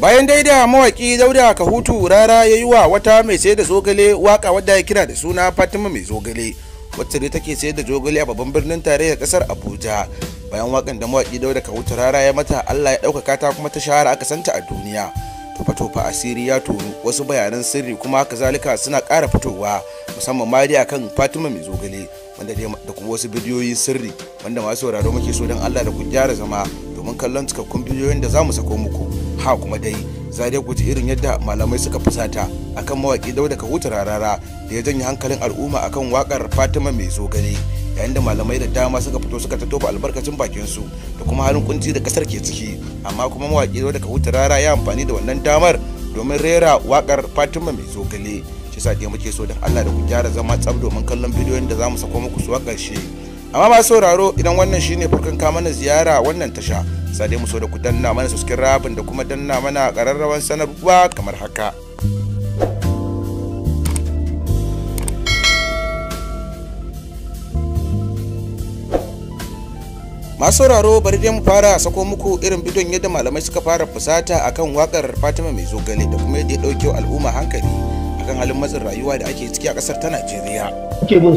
bayan dai da mawaki dauda hutu rara ya yi wa wata mai sayar da zogale waka wadda ya kira da suna fatima mai zogale wacce dai take sayar da zogale a babban birnin tarayyar kasar abuja bayan wakan da mawaki dauda ka hutu rara ya mata allah ya ɗaukaka ta kuma ta shahara aka santa a duniya tofa-tofa asiri ya tonu wasu bayanan sirri kuma haka zalika suna ƙara fitowa musamman ma dai akan fatima mai zogale wanda da kuma wasu bidiyoyin sirri wanda masu sauraro muke so don allah da ku gyara zama kallon cikakkun bidiyoyin da za mu sako muku ha kuma dai za dai irin yadda malamai suka fusata akan mawaƙi dauda kahuta rarara da ya janye hankalin al'umma akan waƙar fatima mai zogale yayin da malamai da dama suka fito suka ta tofa albarkacin bakin su da kuma halin kunci da kasar ke ciki amma kuma mawaƙi dauda kahuta rara ya amfani da wannan damar domin rera waƙar fatima mai zogale shi sa muke so don allah da ku gyara zama tsab domin kallon bidiyoyin da za mu sako muku su a ƙarshe amma masu sauraro idan wannan shine farkon ka mana ziyara wannan tasha sai mu so da ku danna mana subscribe da kuma danna mana kararrawan sanarwa kamar haka masu sauraro bari dai mu fara sako muku irin bidon yadda malamai suka fara fusata akan wakar fatima mai zogale da kuma yadda ya ɗauke al'umma hankali akan halin matsin rayuwa da ake ciki a ƙasar ta najeriya. Ke bin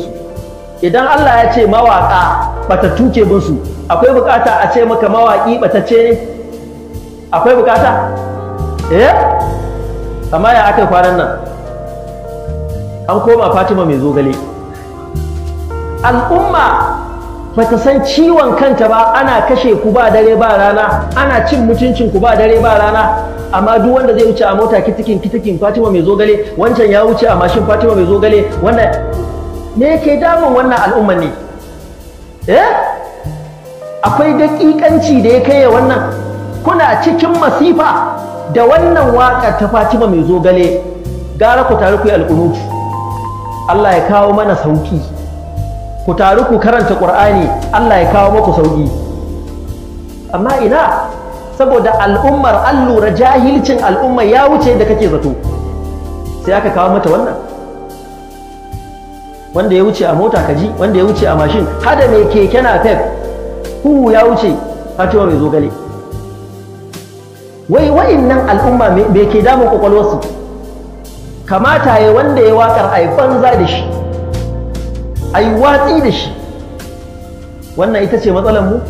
idan Allah ya ce mawaka bata tuke su, akwai bukata a ce maka mawaki ta ce ne akwai bukata eh amma ya aka kwanan nan an koma Fatima mai zogale al'umma bata san ciwon kanta ba ana kashe ku ba dare ba rana ana cin mutuncin ku ba dare ba rana amma duk wanda zai wuce a mota kitikin kitikin Fatima mai zogale wancan ya wuce a mashin Fatima mai zogale wannan me yake damun wannan al'umma ne eh akwai daƙiƙanci da ya kai wannan kuna cikin masifa da wannan waka ta Fatima mai zogale gara ku taru ku yi Allah ya kawo mana sauki ku taru ku karanta Qur'ani Allah ya kawo muku sauki amma ina saboda al'ummar allura jahilcin al'ummar ya wuce da kake zato sai aka kawo mata wannan wanda ya wuce a mota ka ji wanda ya wuce a mashin hada mai keke na pep huhu ya wuce fatima mai zogale wai nan al'umma me ke damun kwakwalwarsu kamata ya wanda ya wakar a yi banza da shi a yi watsi da shi wannan ita ce matsalar mu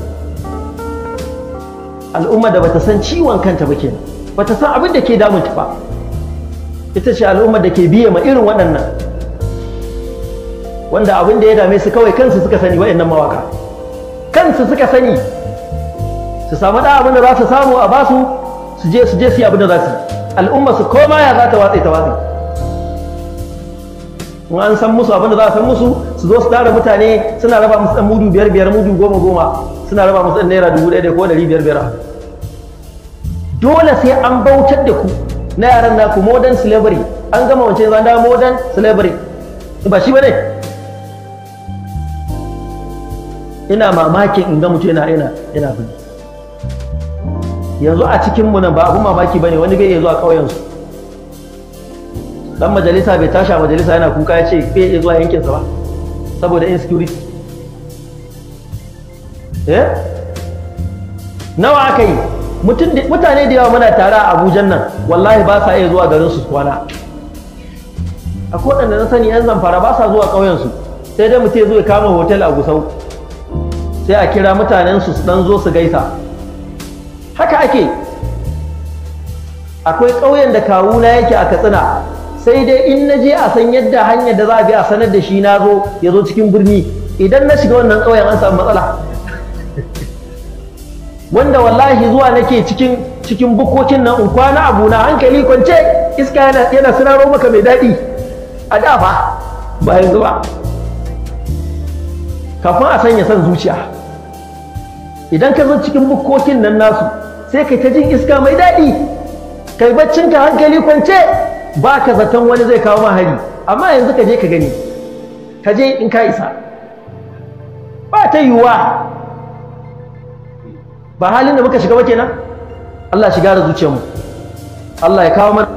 al'umma da bata san ciwon kanta ba kenan bata san abin da ke damunta ba ita ce al'ummar da ke biya ma irin waɗannan wanda abin da ya dame su kawai kansu suka sani waɗannan mawaka kansu suka sani su samu da abin da za su samu a basu su je su je su yi abin da za su al'umma su koma ya za ta watsa ta watsa in an san musu abin da za a san musu su zo su tara mutane suna raba musu dan mudu biyar biyar mudu goma goma suna raba musu dan naira dubu ɗaya ko ɗari biyar biyar dole sai an bautar da ku na yaran naku modern slavery an gama wancan zan da modern slavery ba shi ba ne ina mamakin in ga mutum yana ina ina bin yanzu a cikin mu nan ba abun mamaki bane wani bai iya zuwa ƙauyen su dan majalisa bai tasha a majalisa yana kuka ya ce bai iya zuwa yankinsa ba saboda insecurity eh nawa aka yi mutane da yawa muna tare a abujan nan wallahi ba sa iya zuwa garin su kwana a waɗanda na sani yan zamfara ba sa zuwa ƙauyensu sai dai mutum ya zo ya kama hotel a gusau sai a kira mutanen su dan zo su gaisa haka ake akwai ƙauyen da kawuna yake a katsina sai dai in na je a san yadda hanyar da za a bi a sanar da shi na zo ya zo cikin birni idan na shiga wannan ƙauyen an samu matsala wanda wallahi zuwa nake cikin cikin bukokin nan in kwana abu na hankali kwance iska yana yana sinaro maka mai daɗi a da fa bayan zuwa kafin a sanya son zuciya idan ka zo cikin bukkokin nan nasu sai kai ta jin iska mai daɗi kai baccinka hankali kwance ba ka zaton wani zai kawo mahari amma yanzu ka je ka gani ka je in ka isa ba ta yiwuwa ba halin da muka shiga ba kenan Allah shiga da zuciyarmu Allah ya kawo mana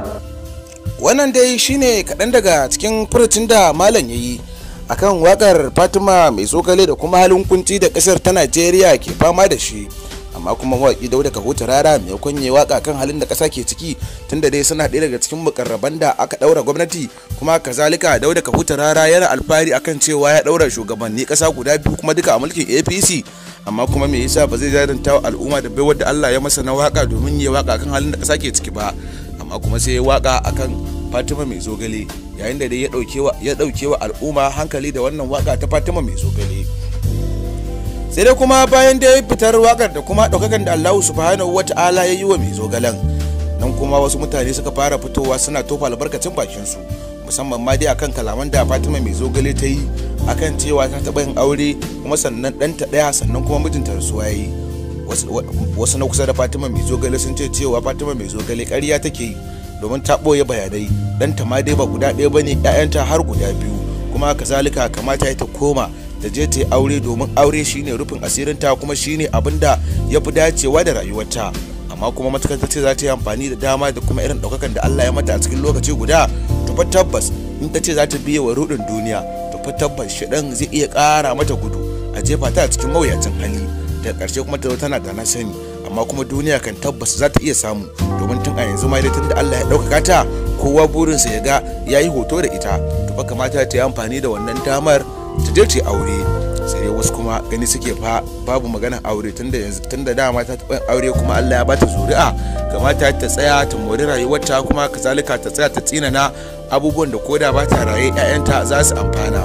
wannan dai shine kaɗan daga cikin furucin da malam ya yi akan wakar fatima mai tsokale da kuma halin kunci da kasar ta najeriya ke fama da shi amma kuma mawaƙi dauda kahuta rara mai kunye waka kan halin da ƙasa ke ciki tunda dai suna ɗaya daga cikin mukarraban da aka ɗaura gwamnati kuma kazalika dauda kahuta rara yana alfahari akan cewa ya ɗaura shugabanni ƙasa guda biyu kuma duka a mulkin apc amma kuma me yasa ba zai jadanta wa al'umma da baiwar da allah ya masa na waka domin ya waka kan halin da ƙasa ke ciki ba amma kuma sai ya waka akan fatima mai zogale yayin da dai ya ɗauke wa al'umma hankali da wannan waka ta fatima mai zogale sai dai kuma bayan dai ya fitar wakar da kuma ɗaukakan da allahu subhanahu wa ta'ala ya yi wa mai zogalen nan kuma wasu mutane suka fara fitowa suna tofa albarkacin su musamman ma dai akan kalaman da fatima mai zogale ta yi akan cewa ta taɓa yin aure kuma sannan ɗanta ɗaya sannan kuma mijinta da ya yi wasu na kusa da fatima mai zogale sun ce cewa fatima mai zogale ƙarya take yi domin ta ɓoye bayanai ta ma dai ba guda ɗaya ba ne ta har guda biyu kuma kazalika kamata ta koma ta je ta yi aure domin aure shine rufin asirinta kuma shine abin da ya fi dacewa da rayuwarta amma kuma matakar ta ce za ta yi amfani da dama da kuma irin ɗaukakan da Allah ya mata a cikin lokaci guda to fa tabbas in ta ce za ta biye wa rudin duniya to fa tabbas shidan zai iya ƙara mata gudu a jefa ta a cikin mawuyacin hali da ƙarshe kuma ta zo tana da na sani amma kuma duniya kan tabbas za ta iya samu domin tun a yanzu ma da Allah ya ɗaukaka ta kowa burinsa ya ga ya hoto da ita to fa kamata ta yi amfani da wannan damar ta je ta aure sai dai wasu kuma gani suke fa babu maganar aure tunda yanzu tunda dama ta taɓa aure kuma Allah ya bata zuri'a kamata ta tsaya ta mori rayuwarta kuma kazalika ta tsaya ta tsina na abubuwan da koda ba ta raye 'ya'yanta za su amfana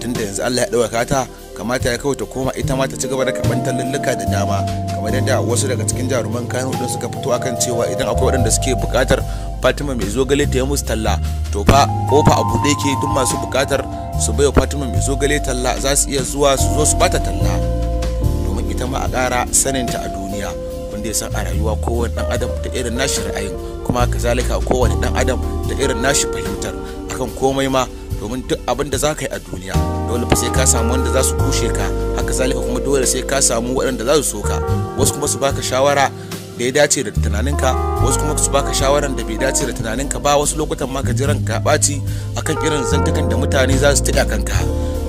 tunda yanzu Allah ya ɗaukaka ta kamata ya kawai ta koma ita ma ta ci gaba da karɓar tallulluka da dama kamar yadda wasu daga cikin jaruman kano din suka fito akan cewa idan akwai waɗanda suke buƙatar fatima mai zogale ta yi musu talla to fa kofa a buɗe ke duk masu buƙatar su wa fatima mai zogale talla za su iya zuwa su zo su bata talla domin ita ma a ƙara saninta a duniya wanda ya san a rayuwa kowane ɗan adam da irin nashi ra'ayin kuma kazalika kowane ɗan adam da irin nashi fahimtar akan komai ma domin duk abin da za ka yi a duniya dole fa sai ka samu wanda za su kushe ka haka zalika kuma dole sai ka samu waɗanda za su so ka wasu kuma su baka shawara da ya dace da tunaninka wasu kuma su baka shawaran da bai dace da tunaninka ba wasu lokutan ma ka jiran ka ɓaci akan irin zantakan da mutane za su kan kanka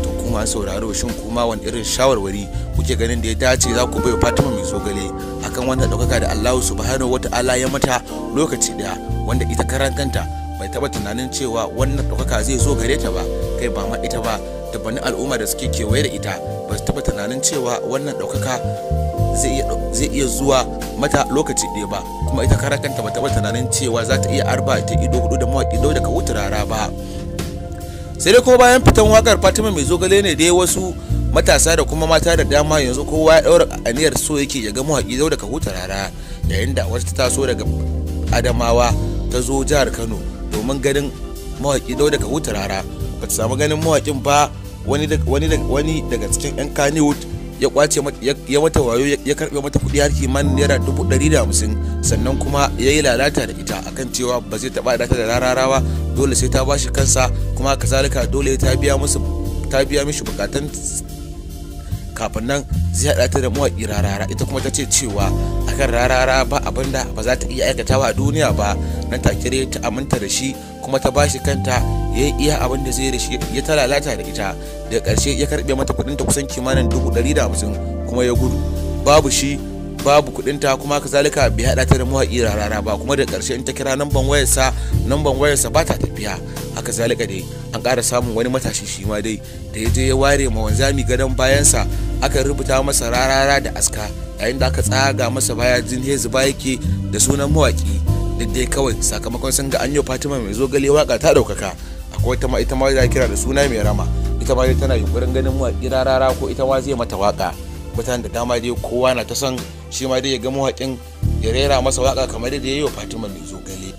to kuma sauraro shin kuma wani irin shawarwari kuke ganin da ya dace za ku bai Fatima mai zogale akan wanda ɗaukaka da Allah subhanahu wata'ala ya mata lokaci daya wanda ita karan kanta bai taba tunanin cewa wannan ɗaukaka zai zo gare ta ba kai ba ma ita ba bani al'umma da suke kewaye da ita ba su taba tunanin cewa wannan ɗaukaka zai iya zuwa mata lokaci ɗaya ba kuma ita kara kanta ba taba tunanin cewa za ta iya arba ta ido hudu da mawaƙi dau daga wuturara ba sai dai kuma bayan fitan wakar fatima mai zogale ne dai wasu matasa da kuma mata da dama yanzu kowa ya daura aniyar so yake ya ga mawaƙi dau daga wuturara yayin da wata ta taso daga adamawa ta zo jihar kano domin ganin mawaƙi dau daga hutu rara ba ta samu ganin mawaƙin ba wani daga cikin 'yan kaniwood ya kwace ya mata wayo ya karbe mata kuɗi har kimanin naira dubu ɗari da hamsin sannan kuma ya yi lalata da ita akan cewa ba zai taɓa da ta da rararawa dole sai ta bashi kansa kuma kazalika dole ta biya musu ta biya mishi bukatan kafin nan zai haɗa ta da mawaƙi rarara ita kuma ta ce cewa akan rarara ba abinda ba za ta iya aikatawa a duniya ba nan take ta aminta da shi kuma ta bashi kanta ya yi iya abin da zai rishi ya ta lalata da ita daga ƙarshe ya karɓe mata kuɗin ta kusan kimanin dubu ɗari da hamsin kuma ya gudu babu shi babu kuɗin ta kuma zalika bai hada ta da mawaƙi rarara ba kuma da ƙarshe in ta kira namban wayarsa namban wayarsa ba ta tafiya haka zalika dai an ƙara samun wani matashi shi ma dai da ya je ya ware ma wanzami gadon bayansa aka rubuta masa rarara da aska yayin da aka ga masa baya jin zuba yake da sunan mawaƙi duk dai kawai sakamakon sun ga anyo fatima mai zogale waka ta ɗaukaka akwai wata ma ita ma da kira da suna mai rama ita ma tana yunkurin ganin mawaƙi rarara ko ita ma zai mata waka mutane da dama dai kowa na ta san. shi ma dai ya ga mawaƙin ya rera masa waƙa kamar da ya yi wa fatima mai zogale